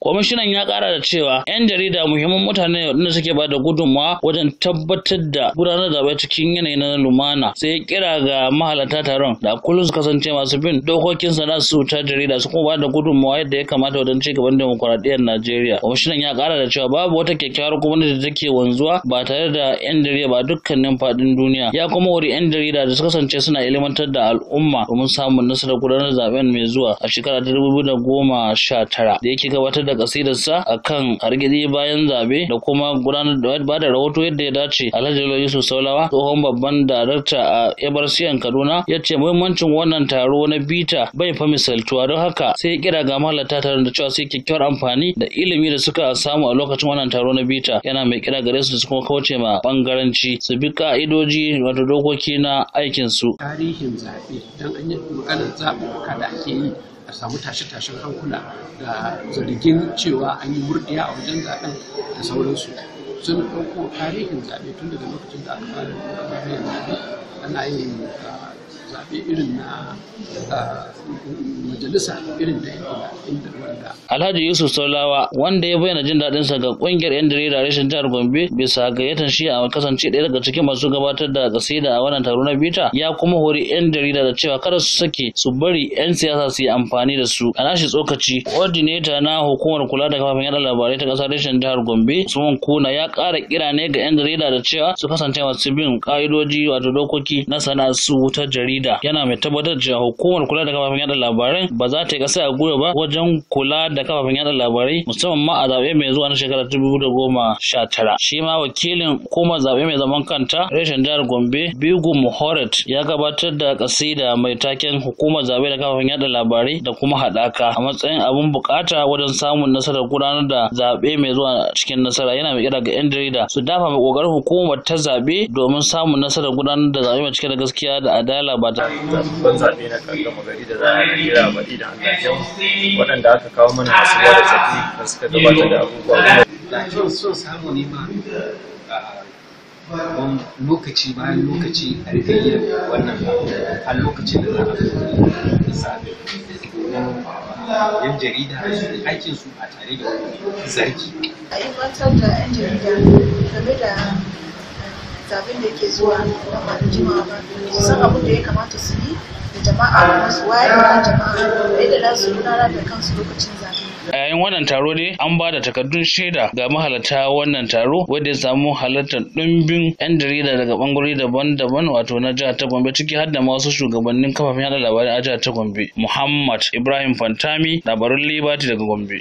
Kwamishinan ya kara da cewa 'yan jarida muhimman mutane waɗanda suke ba da gudunmawa wajen tabbatar da gudanar da cikin yanayin na lumana sai ya kira ga mahalarta taron da kullum su kasance masu bin dokokin sana su wuta jarida su kuma ba da gudunmawa yadda ya kamata wajen ci gaban demokuraɗiyyar Najeriya. Kwamishinan ya kara da cewa babu wata kyakkyawar gwamnati da take wanzuwa ba tare da 'yan jarida ba dukkanin faɗin duniya. Ya kuma wuri 'yan jarida da su kasance suna ilimantar da al'umma domin samun nasarar gudanar zaben mai zuwa a shekara ta dubu da goma sha tara da yake gabatar da kasidarsa a kan hargitsi bayan zabe da kuma gudanar da ba da rahoto yadda ya dace Alhaji Yusuf Saulawa tsohon babban darakta a Ebarsiyan Kaduna ya ce muhimmancin wannan taro na bita bai fa misaltuwa don haka sai kira ga mahalarta taron da cewa sai kyakkyawar amfani da ilimi da suka samu a lokacin wannan taro na bita yana mai kira gare su da kuma kauce ma bangaranci su bi ka'idoji wato dokoki na aikinsu. Tarihin zaɓe don an yi maganar zaɓe kada ake yi a samu tashe-tashen hankula da zargin cewa an yi murdiya a wajen zaben da sauransu sun ɗauko tarihin zaɓe tun daga lokacin da aka fara yin zaɓe ana yin ah, zaɓe irin na ah, majalisa irin da Alhaji Yusuf Saulawa wanda ya bayyana jin daɗin sa ga kungiyar yan jarida reshen jihar Gombe bisa ga yadda shi a kasance ɗaya daga cikin masu gabatar da kasida a wannan taro na bita ya kuma hori yan jarida da cewa kada su sake su bari yan siyasa su yi amfani da su. A nashi tsokaci, coordinator na hukumar kula da kafafen yada labarai ta ƙasar reshen jihar Gombe, Suman Kuna ya ƙara kira ne ga yan jarida da cewa su kasance masu bin ƙa'idoji wato dokoki na sana'ar su ta jarida. Yana mai tabbatar da cewa hukumar kula da kafafen yada labarai ba za ta yi ƙasa a gwiwa ba wajen wajen kula da kafafen yada labarai musamman ma a zaɓe mai zuwa na shekarar tara. shi ma wakilin hukumar zaɓe mai zaman kanta reshen jihar gombe bigu muhoret ya gabatar da kasida mai taken hukumar zaɓe da kafafen yada labarai da kuma haɗaka a matsayin abin bukata wajen samun nasarar gudanar da zaɓe mai zuwa cikin nasara yana mai kira ga 'yan jarida su dafa mai ƙoƙarin hukumar ta zaɓe domin samun nasarar gudanar da zaɓe mai cike da gaskiya da adala ba ta. waɗanda aka kawo mana masu ba da tafi da suka gabata da abubuwa da son samu ne ma um, lokaci bayan lokaci a rika yin wannan a lokacin da za a fi sabi yan jarida aikin su a tare da zargi a matar da yan jarida game da eh, zaben da ke zuwa a jimawa ba san abin da ya kamata su yi jama'a masu wayar da jama'a yadda za su gudanar da kansu lokacin zafi. a yayin wannan taro ne an ba da takardun shaida ga mahalarta wannan taro wadda ya samu halartar ɗumbin 'yan jarida daga bangare daban-daban wato na jihar ta gombe ciki har da masu shugabannin kafafen yada labarai a jihar ta gombe muhammad ibrahim fantami labarun liberty daga gombe